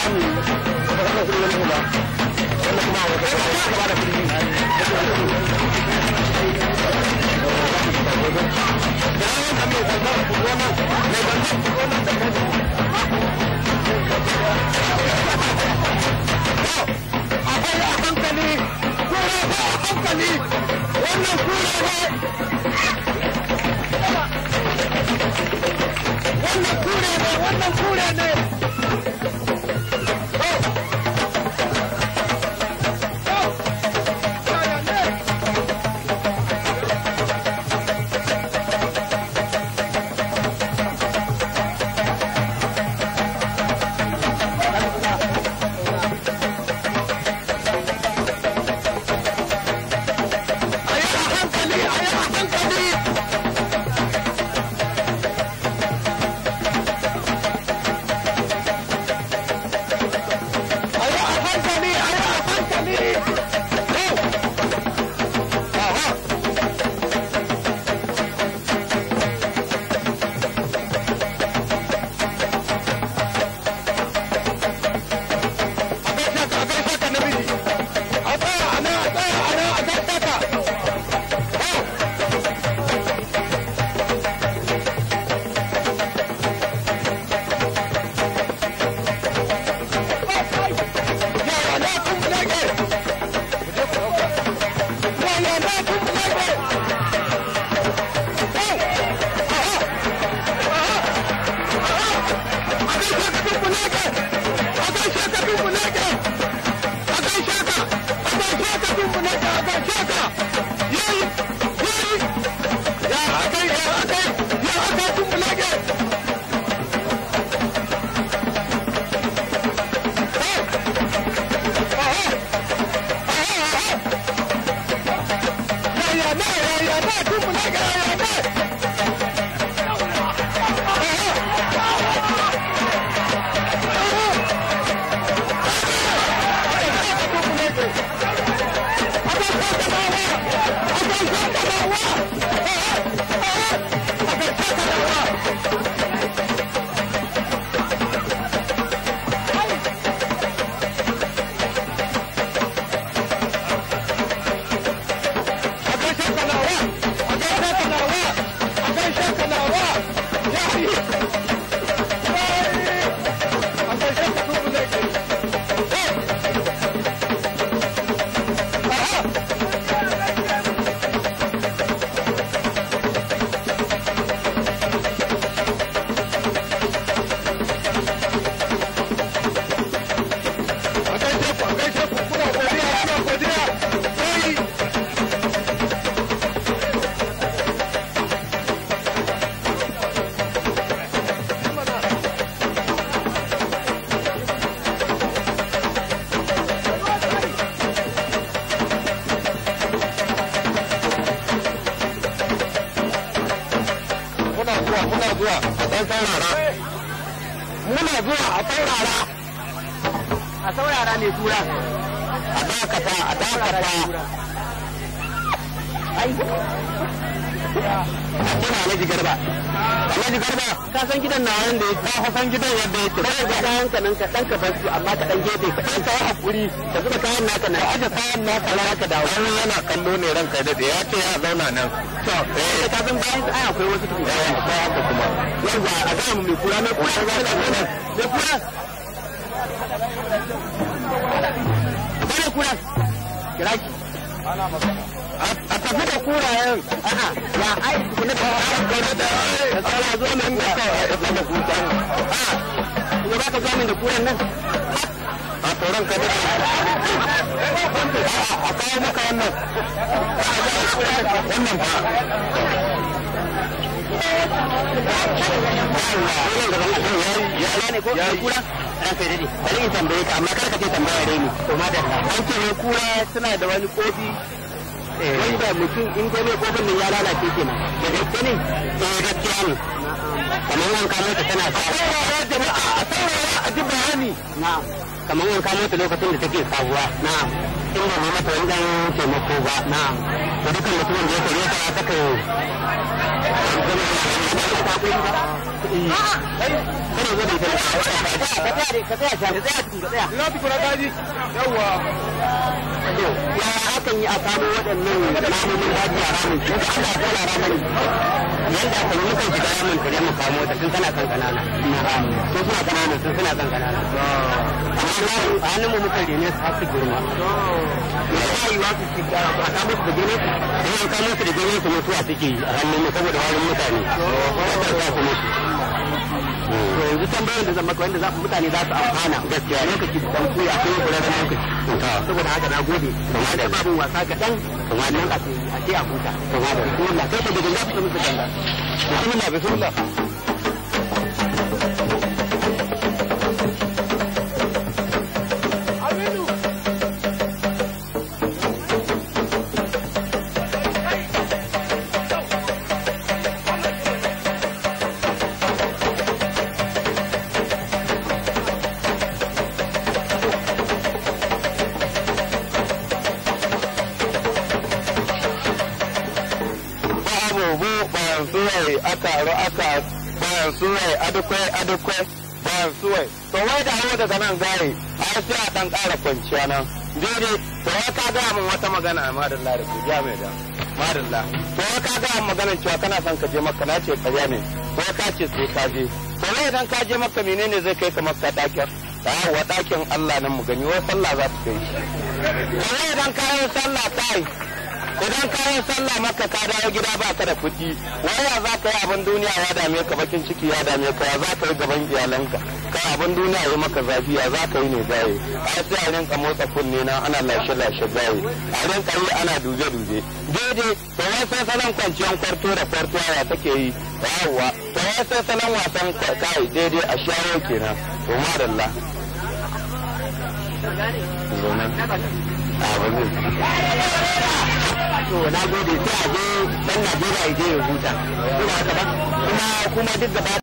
Akwai a hankali, kuma ba a hankali, wannan kuma ba zuwa a ɗan saurara muna zuwa a saurara a saurara ne tura a dakata a dakata Alaji Alhaji Garba. Alhaji Garba, ka san gidan na wanda ya ka san gidan wanda yake. Kada ka kayan ka nan ka dan ka bar su amma ka dan gefe ka dan kawo hakuri ka zuba kayan naka na aje kayan naka na ka dawo. Wani yana kallo ne ranka da ya ce ya zauna nan. To, eh, eh ka san bayan ai akwai wasu kuma. Eh akwai haka kuma. Yanzu a ga mu mai kula na kula ga ka zo min da ka ba ah, ka zo min da kuran nan a tsoron ka a kawo maka wannan wannan ba ne ko dade tambaye ka amma kar ka ce tambaya dai ne to an ce kura suna da wani kofi wanda mutum in ko mai kofin ya lalace kenan da gaske ne to eh, gaskiya ne kamar wanka mota tana sa saurara jama'a a saurara a ji bayani na'am kamar wanka mota lokacin da take sabuwa na'am in ba mata wani dan taimako ba na'am da dukkan mutumin da ya kare ta ta kai ya hakan yi a samu waɗannan namomin daji a ramin sun ka Allah tana ramani yadda yi ramin ta mu kamo ta sun tana kan kanana sun suna kanana sun suna kan kanana a hannun mu muka rene su har su girma ya a samu su tsakanin su da gwamnati mutuwa suke a hannun saboda warin mutane wata su mutu yanzu tambayar da zama wanda za mutane za su amfana gaskiya lokaci da dan kuya ko kula da lokaci saboda haka na gode kuma da babu wasa kaɗan wannan a ce a huta kuma da kai da gidan za su mutu ganda bismillah bismillah bayan suwai bayan suwai adukwai adukwai bayan suwai to wai da hawa daga nan gari a dan ƙara kwanciya nan to ka gaya min wata magana a madalla da kuja mai da to ka gaya cewa kana son ka je maka na ce karya ne ka ce sai ka je to wai idan ka je maka menene zai kai ka maka ɗakin wa ɗakin Allah nan mu gani wai sallah za ta kai to wai idan ka yi sallah ta yi idan kayan sallah maka ka dawo gida ba ka da kuɗi waya za ka yi abin duniya ya dame ka bakin ciki ya dame ka ya za ka yi gaban iyalanka ka abin duniya ya maka zafi ya za ka yi ne gaye a sai a rinka motsa kunne na ana lashe lashe gaye a rinka yi ana duje duje daidai to sai salon kwanciyar kwarto da kwarto ya take yi yawwa to sai salon wasan kai daidai a shawo kenan to madalla to na gode sai a je dan Najeriya ya je ya huta kuma kuma duk gaba